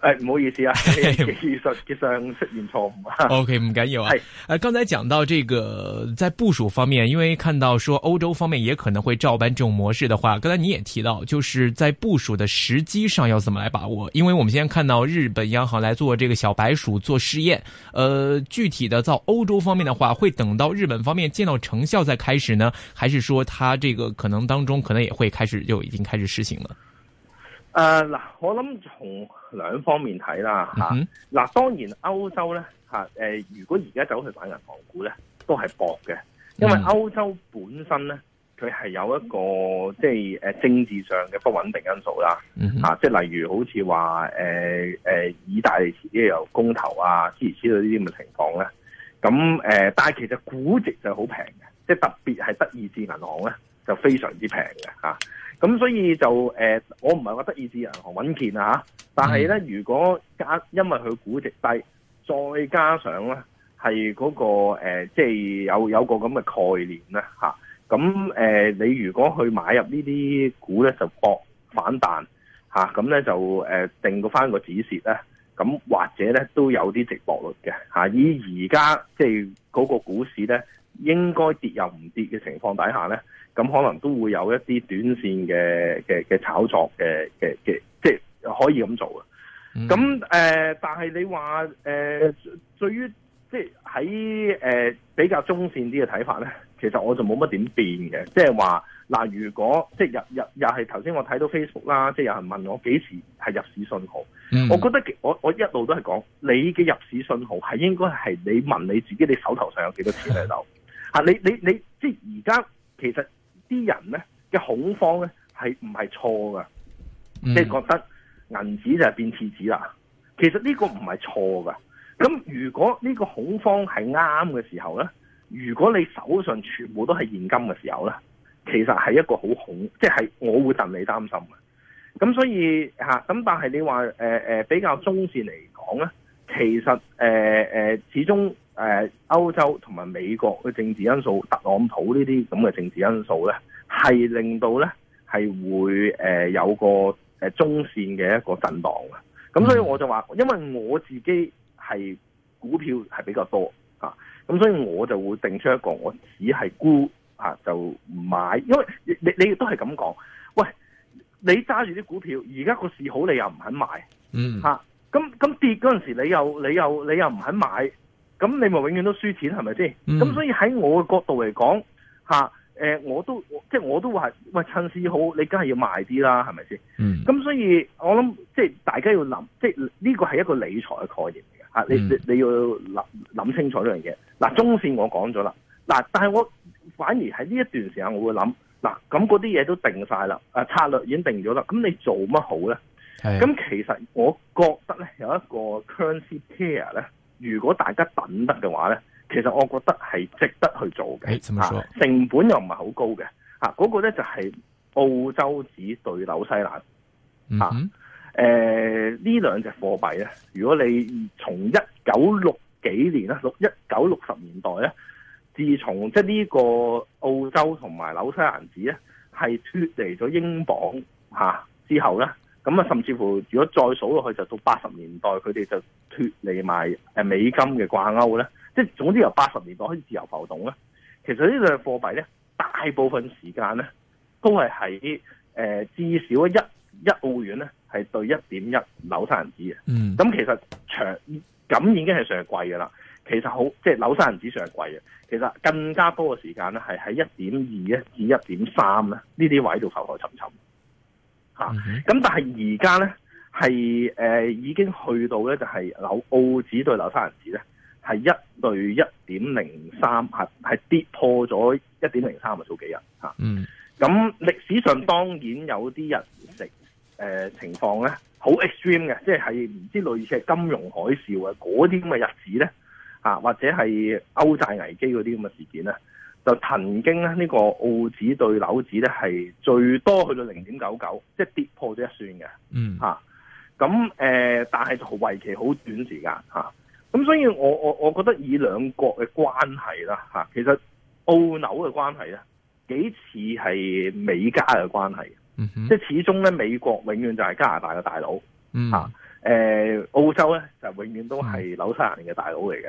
哎，唔好意思啊，技術實際上出現錯誤。OK，唔緊要啊。係 剛、呃、才講到這個在部署方面，因為看到說歐洲方面也可能會照搬這種模式的話，剛才你也提到，就是在部署的時機上要怎麼來把握？因為我們先看到日本央行來做這個小白鼠做試驗，誒、呃，具體的到歐洲方面的話，會等到日本方面見到成效再開始呢，還是說它這個可能當中可能也會開始就已經開始實行了？誒，嗱，我諗從兩方面睇啦，吓、啊，嗱、啊，當然歐洲咧吓，誒、啊，如果而家走去買銀行股咧，都係薄嘅，因為歐洲本身咧，佢係有一個即係誒政治上嘅不穩定因素啦、啊，啊，即係例如好似話誒誒，意大利自己有公投啊，諸如此類呢啲咁嘅情況咧，咁、啊、誒，但係其實估值就好平嘅，即係特別係德意志銀行咧，就非常之平嘅，吓、啊。咁所以就誒、呃，我唔係話德意志銀行穩健啊，但係咧，如果加因為佢估值低，再加上咧係嗰個即係、呃就是、有有個咁嘅概念啦，咁誒，你如果去買入呢啲股咧，就博反彈咁咧、啊、就誒、呃、定到翻個止蝕、啊、呢，咁或者咧都有啲值博率嘅嚇、啊。以而家即係嗰個股市咧。應該跌又唔跌嘅情況底下呢，咁可能都會有一啲短線嘅嘅嘅炒作嘅嘅嘅，即係可以咁做嘅。咁、嗯、誒、呃，但係你話誒，對、呃、於即係喺誒比較中線啲嘅睇法呢，其實我就冇乜點變嘅。即係話嗱，如果即係又又係頭先我睇到 Facebook 啦，即係有人問我幾時係入市信號、嗯，我覺得我我一路都係講你嘅入市信號係應該係你問你自己，你手頭上有幾多錢嚟到？ 啊！你你你，即係而家其實啲人咧嘅恐慌咧係唔係錯噶？即係覺得銀紙就係變廁紙啦。其實呢個唔係錯噶。咁如果呢個恐慌係啱嘅時候咧，如果你手上全部都係現金嘅時候咧，其實係一個好恐，即係我會戥你擔心嘅。咁所以吓，咁但係你話誒誒比較中線嚟講咧，其實誒誒、呃、始終。誒、呃，歐洲同埋美國嘅政治因素，特朗普呢啲咁嘅政治因素咧，係令到咧係會誒、呃、有個誒中線嘅一個震盪嘅。咁所以我就話，因為我自己係股票係比較多啊，咁所以我就會定出一個我只係沽啊，就唔買。因為你你都係咁講，喂，你揸住啲股票，而家個市好你唔、啊你，你又唔肯買，嗯吓，咁咁跌嗰陣時，你又你又你又唔肯買。咁你咪永遠都輸錢，係咪先？咁、嗯、所以喺我嘅角度嚟講、啊呃，我都即係我都話，喂，趁市好，你梗係要賣啲啦，係咪先？咁、嗯、所以我諗，即係大家要諗，即係呢個係一個理財嘅概念嚟嘅、嗯，你你你要諗諗清楚呢樣嘢。嗱，中線我講咗啦，嗱，但係我反而喺呢一段時間，我會諗，嗱，咁嗰啲嘢都定晒啦、啊，策略已經定咗啦，咁你做乜好咧？咁其實我覺得咧，有一個 currency pair 咧。如果大家等得嘅話呢，其實我覺得係值得去做嘅、啊。成本又唔係好高嘅。嚇、啊，嗰、那個咧就係、是、澳洲紙對紐西蘭。嚇、啊，誒呢兩隻貨幣呢，如果你從一九六幾年啊，六一九六十年代呢，自從即係呢個澳洲同埋紐西蘭紙呢，係脱離咗英鎊嚇、啊、之後呢。咁啊，甚至乎如果再數落去，就到八十年代，佢哋就脫離埋誒美金嘅掛鈎咧。即係總之，由八十年代開始自由浮動啦。其實呢個貨幣咧，大部分時間咧都係喺誒至少一一澳元咧係對一點一紐西蘭元嘅。嗯，咁其實長咁已經係算係貴嘅啦。其實好即係紐西蘭元算係貴嘅。其實更加多嘅時間咧係喺一點二咧至一點三咧呢啲位度浮浮沉沉。啊、嗯，咁但係而家咧，係誒、呃、已經去到咧，就係澳紙對紐西蘭紙咧，係一兌一點零三，係係跌破咗一點零三啊！早幾日吓，咁歷史上當然有啲日、呃、情誒情況咧，好 extreme 嘅，即係唔知類似係金融海嘯啊，嗰啲咁嘅日子咧，啊或者係歐債危機嗰啲咁嘅事件啊。就曾經咧，呢個澳紙對紐紙咧係最多去到零點九九，即係跌破咗一算嘅。嗯、啊，嚇咁誒，但係就為期好短時間嚇。咁、啊、所以我，我我我覺得以兩國嘅關係啦嚇、啊，其實澳紐嘅關係咧幾似係美加嘅關係。即、嗯、係始終咧，美國永遠就係加拿大嘅大佬。嗯嚇、啊呃，澳洲咧就永遠都係紐西蘭嘅大佬嚟嘅。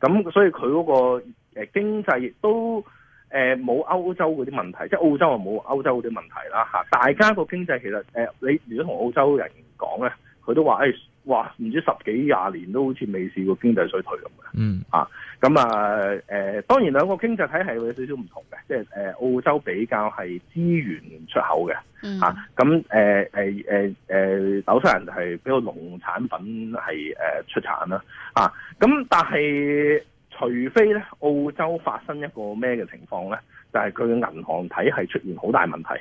咁、嗯嗯、所以佢嗰、嗰個。誒經濟都誒冇歐洲嗰啲問題，即係澳洲啊冇歐洲嗰啲問題啦嚇。大家個經濟其實誒，你如果同澳洲人講咧，佢都話嘩，話、哎、唔知十幾廿年都好似未試過經濟衰退咁嘅。嗯咁啊誒當然兩個經濟體係有少少唔同嘅，即係誒澳洲比較係資源出口嘅，嚇咁誒誒誒誒紐西蘭就係比較農產品係誒出產啦，咁、啊、但係。除非咧澳洲發生一個咩嘅情況咧，就係佢嘅銀行體系出現好大問題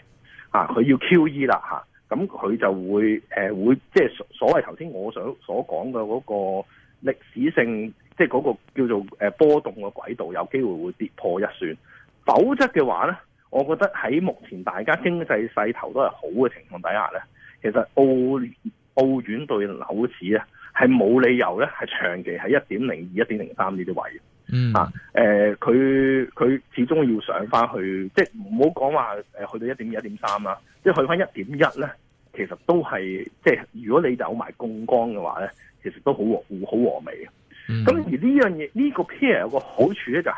啊，佢要 QE 啦嚇，咁、啊、佢就會誒、呃、會即係所所謂頭先我想所講嘅嗰個歷史性，即係嗰個叫做誒、呃、波動嘅軌道，有機會會跌破一算。否則嘅話咧，我覺得喺目前大家經濟勢頭都係好嘅情況底下咧，其實澳澳元對樓市咧係冇理由咧係長期喺一點零二、一點零三呢啲位。嗯啊，誒、呃，佢佢始終要上翻去，即係唔好講話誒去到一點二、一點三啦，即係去翻一點一咧，其實都係即係如果你走埋槓桿嘅話咧，其實都好和好和味，嘅。嗯。咁而呢樣嘢，呢、這個 pair 有個好處咧，就是，就係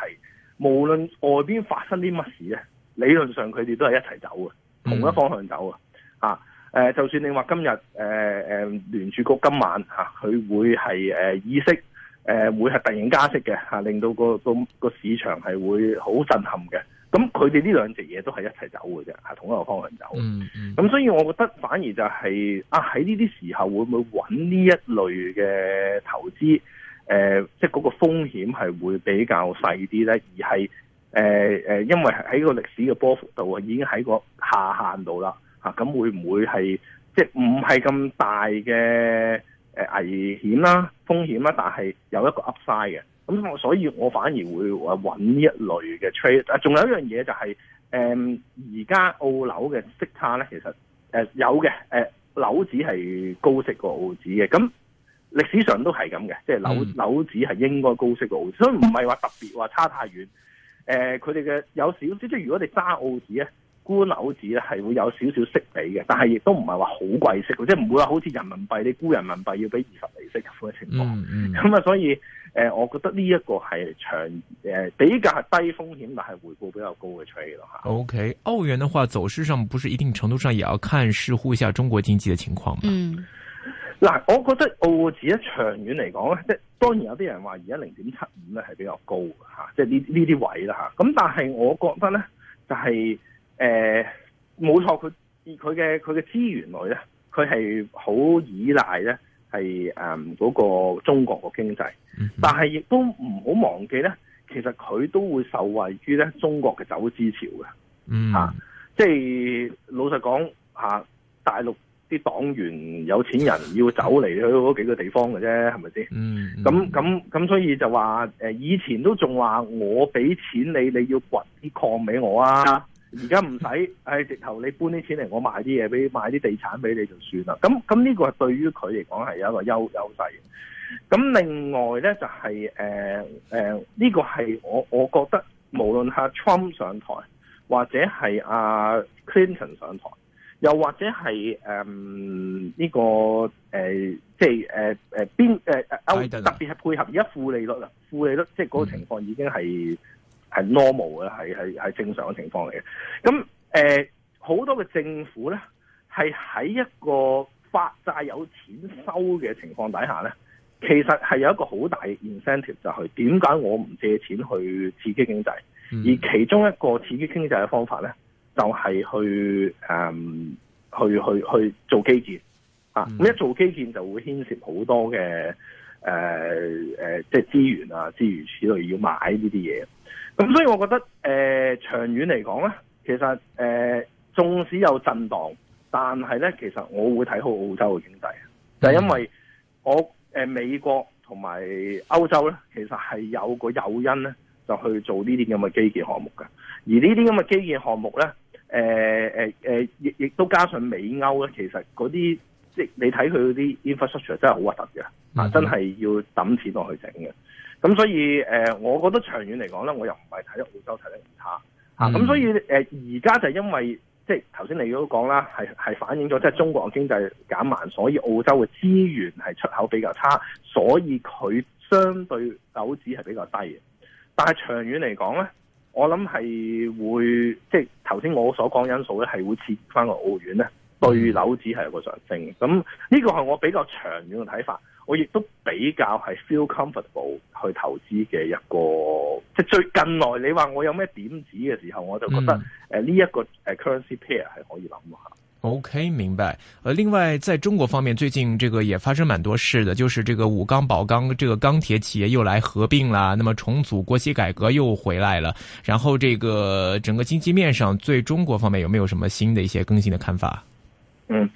無論外邊發生啲乜事咧，理論上佢哋都係一齊走嘅，同一方向走的啊。誒、呃，就算你話今日誒誒聯儲局今晚吓，佢、啊、會係誒、呃、議息誒，會係突然加息嘅吓，令到個個個市場係會好震撼嘅。咁佢哋呢兩隻嘢都係一齊走嘅啫，係同一個方向走。咁、嗯嗯、所以我覺得反而就係、是、啊，喺呢啲時候會唔會揾呢一類嘅投資？誒、呃，即係嗰個風險係會比較細啲咧？而係誒誒，因為喺個歷史嘅波幅度啊，已經喺個下限度啦。吓、啊，咁會唔會係即係唔係咁大嘅？誒，危險啦、啊，風險啦、啊，但係有一個 Upside 嘅，咁所以我反而會話搵呢一類嘅 trade、啊。誒，仲有一樣嘢就係、是，誒、嗯，而家澳樓嘅息差咧，其實誒、呃、有嘅，誒、呃，樓指係高息過澳指嘅，咁歷史上都係咁嘅，即係樓樓指係應該高息過澳，所以唔係話特別話差太遠。誒、呃，佢哋嘅有少少，即係如果你揸澳指咧。沽樓紙咧係會有少少息俾嘅，但係亦都唔係話好貴息，即係唔會話好似人民幣你沽人民幣要俾二十釐息咁嘅情況。咁、嗯、啊，所以誒、呃，我覺得呢一個係長誒、呃、比較係低風險，但係回報比較高嘅 trade 咯嚇。O K，澳元嘅話，走勢上不是一定程度上也要看視乎一下中國經濟嘅情況嘛。嗱、嗯呃，我覺得澳紙一長遠嚟講咧，即係當然有啲人話而家零點七五咧係比較高嘅、啊、即係呢呢啲位啦嚇。咁、啊、但係我覺得咧，就係、是。誒、呃，冇錯，佢佢嘅佢嘅資源類咧，佢係好依賴咧，係、嗯、嗰、嗰個中國嘅經濟，嗯、但係亦都唔好忘記咧，其實佢都會受惠於咧中國嘅走資潮嘅、嗯啊，即係老實講、啊、大陸啲黨員有錢人要走嚟去嗰幾個地方嘅啫，係咪先？咁咁咁，嗯、所以就話以前都仲話我俾錢你，你要掘啲礦俾我啊！啊而家唔使，係、哎、直頭你搬啲錢嚟，我買啲嘢俾，買啲地產俾你就算啦。咁咁呢個係對於佢嚟講係有一個優優勢。咁另外咧就係、是，誒誒呢個係我我覺得，無論阿 Trump 上台，或者係阿、啊、Clinton 上台，又或者係誒呢個誒、呃、即係誒誒邊誒誒，特別係配合而家負利率啦，負利率即係嗰個情況已經係。 係 normal 嘅，係係係正常嘅情況嚟嘅。咁誒，好、呃、多嘅政府咧，係喺一個發債有錢收嘅情況底下咧，其實係有一個好大嘅 incentive 就係點解我唔借錢去刺激經濟、嗯？而其中一個刺激經濟嘅方法咧，就係、是、去誒、呃，去去去做基建、嗯、啊。咁一做基建就會牽涉好多嘅誒誒，即係資源啊，諸如此類，要買呢啲嘢。咁、嗯、所以我覺得誒、呃，長遠嚟講咧，其實誒，縱、呃、使有震盪，但係咧，其實我會睇好澳洲嘅經濟、嗯，就係、因為我誒、呃、美國同埋歐洲咧，其實係有個誘因咧，就去做呢啲咁嘅基建項目噶。而呢啲咁嘅基建項目咧，誒誒誒，亦亦都加上美歐咧，其實嗰啲即係你睇佢嗰啲 infrastructure 真係好核突嘅，啊、嗯嗯，真係要抌錢落去整嘅。咁所以，誒、呃，我覺得長遠嚟講咧，我又唔係睇得澳洲睇得唔差咁、嗯、所以，誒、呃，而家就因為即係頭先你都講啦，係係反映咗即係中國經濟減慢，所以澳洲嘅資源係出口比較差，所以佢相對樓指係比較低。但係長遠嚟講咧，我諗係會即係頭先我所講因素咧，係會切翻個澳元咧對樓指係有一個上升。咁、嗯、呢個係我比較長遠嘅睇法。我亦都比較係 feel comfortable 去投資嘅一個，即係最近來你話我有咩點子嘅時候，我就覺得誒呢一個 currency pair 係、嗯、可以諗下。OK，明白。另外在中國方面，最近這個也發生蠻多事的，就是這個武鋼、寶鋼這個鋼鐵企業又來合併啦，那麼重組、國企改革又回來了。然後這個整個經濟面上，對中國方面有沒有什麼新的一些更新的看法？嗯。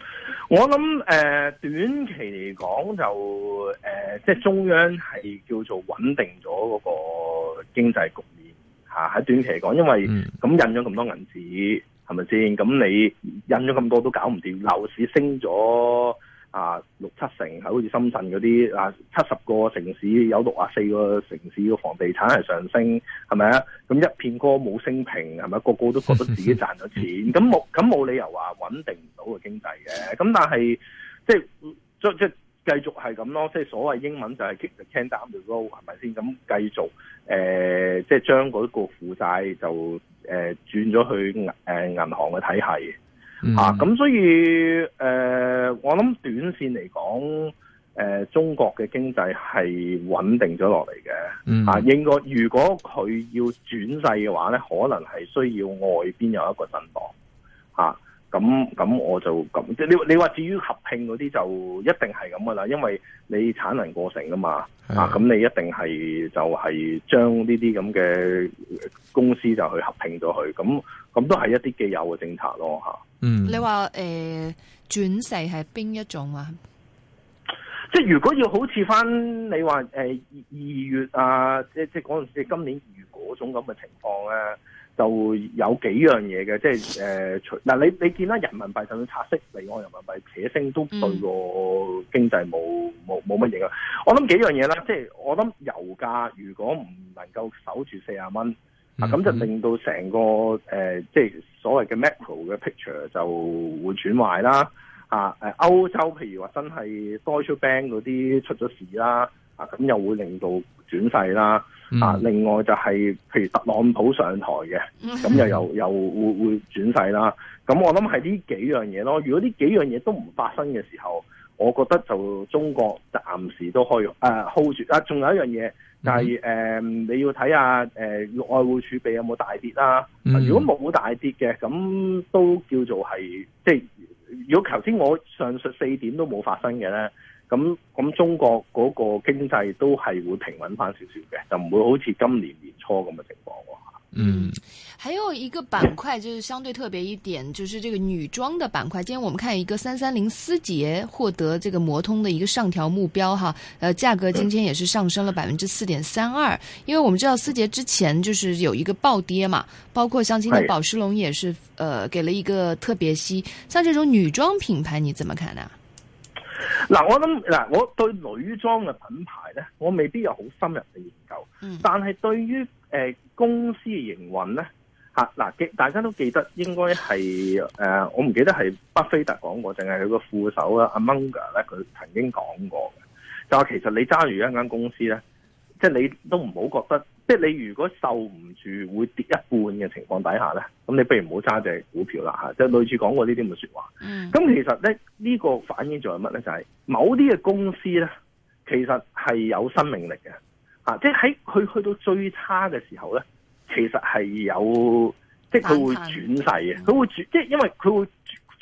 我諗誒、呃，短期嚟講就誒、呃，即係中央係叫做穩定咗嗰個經濟局面吓，喺、啊、短期嚟講，因為咁、嗯、印咗咁多銀紙，係咪先？咁你印咗咁多都搞唔掂，樓市升咗。啊，六七成係好似深圳嗰啲啊，七十個城市有六啊四個城市嘅房地產係上升，係咪啊？咁一片歌冇升平，係咪個個都覺得自己賺咗錢？咁冇咁冇理由話穩定唔到個經濟嘅。咁但係即係即即繼續係咁咯。即係所謂英文就係 kick the can down the road 係咪先？咁繼續誒、呃，即係將嗰個負債就誒、呃、轉咗去誒銀、呃、銀行嘅體系。咁、 啊、所以，誒、呃，我諗短線嚟講，誒、呃，中國嘅經濟係穩定咗落嚟嘅，應、啊、該如果佢要轉勢嘅話咧，可能係需要外邊有一個震盪，吓、啊。咁咁我就咁，即係你你話至於合併嗰啲就一定係咁噶啦，因為你產能過剩啊嘛，啊咁你一定係就係、是、將呢啲咁嘅公司就去合併咗去，咁咁都係一啲既有嘅政策咯吓。嗯，你話誒、呃、轉勢係邊一種啊？即係如果要好似翻你話誒二月啊，即即嗰陣今年二月嗰種咁嘅情況咧。就有幾樣嘢嘅，即係誒，嗱、呃、你你見啦，人民幣就算插息，離岸人民幣扯升都對個經濟冇冇冇乜嘢啊！我諗幾樣嘢啦，即係我諗油價如果唔能夠守住四十蚊，咁就令到成個誒、呃，即係所謂嘅 macro 嘅 picture 就會轉壞啦啊！誒歐洲譬如話真係 Deutsche Bank 嗰啲出咗事啦。啊，咁又會令到轉勢啦！啊，另外就係、是、譬如特朗普上台嘅，咁、啊、又又又會會轉勢啦。咁、啊嗯嗯啊、我諗係呢幾樣嘢咯。如果呢幾樣嘢都唔發生嘅時候，我覺得就中國暫時都可以誒、啊、hold 住。啊，仲有一樣嘢就係、是、誒、呃，你要睇下誒、呃、外匯儲備有冇大跌啦、啊啊。如果冇大跌嘅，咁都叫做係即係。如果頭先我上述四點都冇發生嘅咧。咁咁，中國嗰個經濟都係會平穩翻少少嘅，就唔會好似今年年初咁嘅情況喎，嗯，還有一個板塊，就是相對特別一點，就是這個女裝的板塊。今天我們看一個三三零思捷獲得這個摩通的一個上調目標哈。呃、啊，價格今天也是上升了百分之四點三二。因為我們知道思捷之前就是有一個暴跌嘛，包括像今天寶石龍也是，呃，給了一個特別息。像這種女裝品牌，你怎麼看呢、啊？嗱、啊，我諗，嗱、啊，我對女裝嘅品牌咧，我未必有好深入嘅研究，但係對於誒、呃、公司嘅營運咧，吓、啊、嗱，大家都記得應該係誒，我唔記得係巴菲特講過，定係佢個副手啊阿 Munger 咧，佢曾經講過嘅，就話其實你揸住一間公司咧，即係你都唔好覺得。即係你如果受唔住會跌一半嘅情況底下咧，咁你不如唔好揸隻股票啦吓，即係類似講過呢啲咁嘅說話。嗯，咁其實咧呢、呢個反映咗係乜咧？就係、是、某啲嘅公司咧，其實係有生命力嘅吓、啊，即係喺佢去到最差嘅時候咧，其實係有即係佢會轉勢嘅，佢會轉即係因為佢會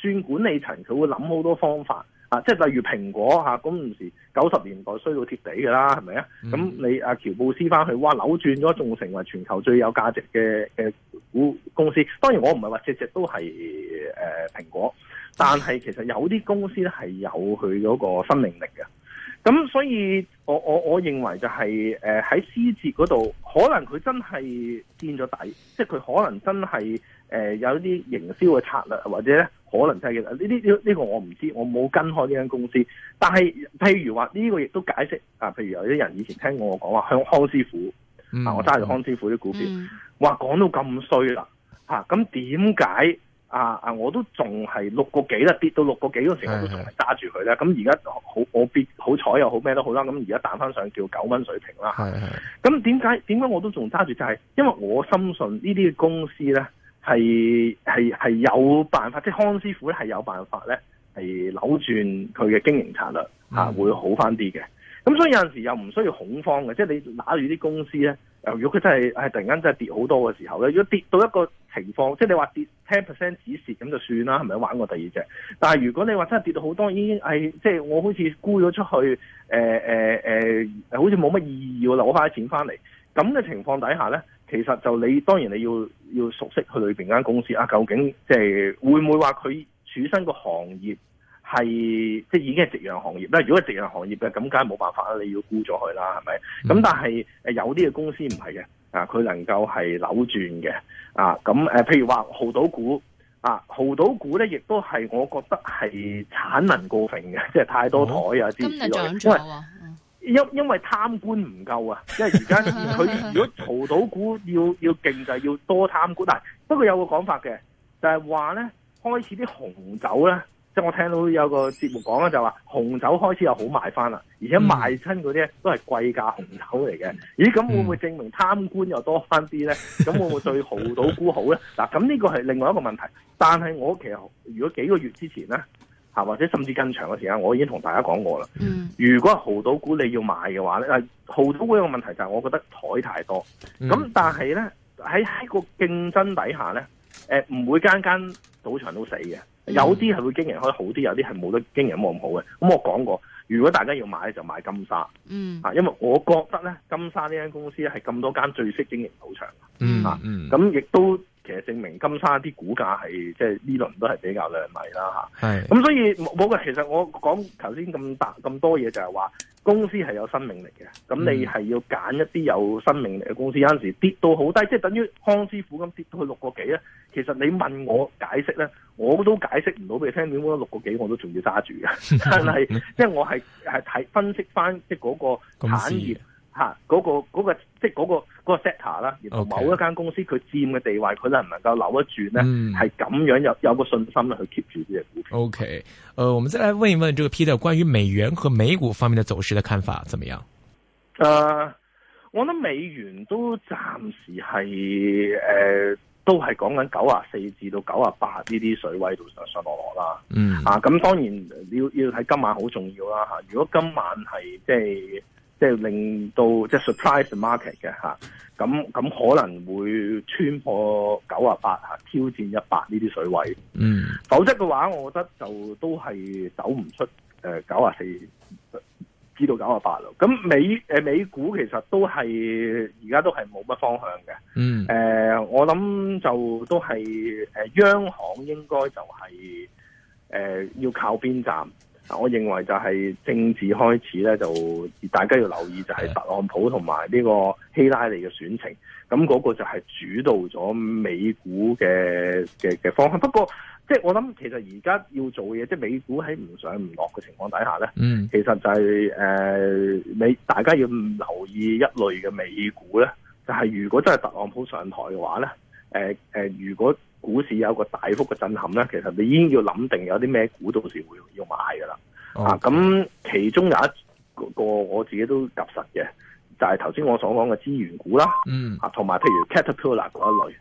轉管理層，佢會諗好多方法。啊，即係例如蘋果嚇，咁嗰時九十年代衰到貼地㗎啦，係咪啊？咁、嗯、你阿喬布斯返去，哇扭轉咗，仲成為全球最有價值嘅誒股公司。當然我唔係話隻隻都係誒、呃、蘋果，但係其實有啲公司咧係有佢嗰個生命力嘅。咁所以我我我認為就係誒喺思捷嗰度，可能佢真係變咗底，即係佢可能真係誒、呃、有啲營銷嘅策略或者咧。可能真係呢啲呢個我唔知，我冇跟開呢間公司。但係譬如話呢、呢個亦都解釋啊，譬如有啲人以前聽過我講話向康師傅、嗯、啊，我揸住康師傅啲股票，話講到咁衰啦嚇，咁點解啊啊我都仲係六個幾咧跌到六個幾嗰時候是是都我都仲係揸住佢咧？咁而家好我跌好彩又好咩都好啦，咁而家彈翻上叫九蚊水平啦。咁點解點解我都仲揸住？就係、是、因為我深信呢啲公司咧。係係係有辦法，即係康師傅咧，係有辦法咧，係扭轉佢嘅經營策略吓、啊，會好翻啲嘅。咁所以有陣時又唔需要恐慌嘅，即係你拿住啲公司咧。如果佢真係係突然間真係跌好多嘅時候咧，如果跌到一個情況，即係你話跌10%止蝕咁就算啦，係咪玩過第二隻？但係如果你話真係跌到好多，已經係即係我好似沽咗出去，誒誒誒，好似冇乜意義要攞翻啲錢翻嚟，咁嘅情況底下咧？其實就你當然你要要熟悉佢裏邊間公司啊，究竟即係會唔會話佢處身個行業係即係已經係夕陽行業啦？如果係夕陽行業嘅，咁梗係冇辦法啦，你要沽咗佢啦，係咪？咁但係誒有啲嘅公司唔係嘅啊，佢能夠係扭轉嘅啊，咁、啊、誒譬如話豪賭股啊，豪賭股咧亦都係我覺得係產能過剩嘅，即係太多台啊、哦，今日因因為貪官唔夠啊，即係而家佢如果豪賭股要要勁就係要多貪官，但係不過有個講法嘅，就係、是、話呢開始啲紅酒呢，即係我聽到有個節目講咧就話、是、紅酒開始又好賣翻啦，而且賣親嗰啲咧都係貴價紅酒嚟嘅、嗯，咦咁會唔會證明貪官又多翻啲呢？咁會唔會對豪賭股好呢？嗱，咁呢個係另外一個問題，但係我其實如果幾個月之前呢吓，或者甚至更長嘅時間，我已經同大家講過啦。嗯，如果係豪賭股，你要買嘅話咧，誒，豪賭股嘅問題就係我覺得枱太多。咁但係咧喺喺個競爭底下咧，誒、呃、唔會間間賭場都死嘅，有啲係會經營開好啲，有啲係冇得經營咁好嘅。咁我講過，如果大家要買咧，就買金沙。嗯，嚇，因為我覺得咧，金沙呢間公司係咁多間最識經營賭場。嗯，嚇、嗯，咁、啊、亦都。其實證明金沙啲股價係即係呢輪都係比較靚麗啦吓，係咁、嗯、所以冇嘅。其實我講頭先咁大咁多嘢就係話公司係有生命力嘅，咁你係要揀一啲有生命力嘅公司。有陣時跌到好低，即係等於康師傅咁跌到去六個幾咧。其實你問我解釋咧，我都解釋唔到俾你聽。點解六個幾我都仲要揸住嘅？ 但係即係我係係睇分析返即係嗰個產業吓，嗰、那個嗰、那個即係、那、嗰個嗰、那個 sector 啦，而同某一間公司佢佔嘅地位，佢能唔能夠留得住咧？係咁樣有有個信心咧去 keep 住呢隻股票。OK，誒、呃，我們再來問一問這個 Peter 關於美元和美股方面嘅走勢嘅看法，怎麼樣？誒、呃，我諗美元都暫時係誒、呃，都係講緊九啊四至到九啊八呢啲水位度上上落落啦。嗯啊，咁當然要要睇今晚好重要啦吓。如果今晚係即係。即係令到即係 surprise market 嘅吓，咁、啊、咁可能會穿破九啊八吓，挑戰一百呢啲水位。嗯，否則嘅話，我覺得就都係走唔出誒九啊四至到九啊八咯。咁美誒、呃、美股其實都係而家都係冇乜方向嘅。嗯，誒、呃、我諗就都係誒、呃、央行應該就係、是、誒、呃、要靠邊站。我認為就係政治開始咧，就大家要留意就係特朗普同埋呢個希拉里嘅選情，咁嗰個就係主導咗美股嘅嘅嘅方向。不過，即係我諗其實而家要做嘅嘢，即係美股喺唔上唔落嘅情況底下咧，嗯，其實就係誒你大家要留意一類嘅美股咧，就係如果真係特朗普上台嘅話咧，誒誒如果，股市有個大幅嘅震撼咧，其實你已經要諗定有啲咩股到時會要買㗎啦。Okay. 啊，咁其中有一個我自己都夾實嘅，就係頭先我所講嘅資源股啦。嗯、mm。啊，同埋譬如 Caterpillar 嗰一類。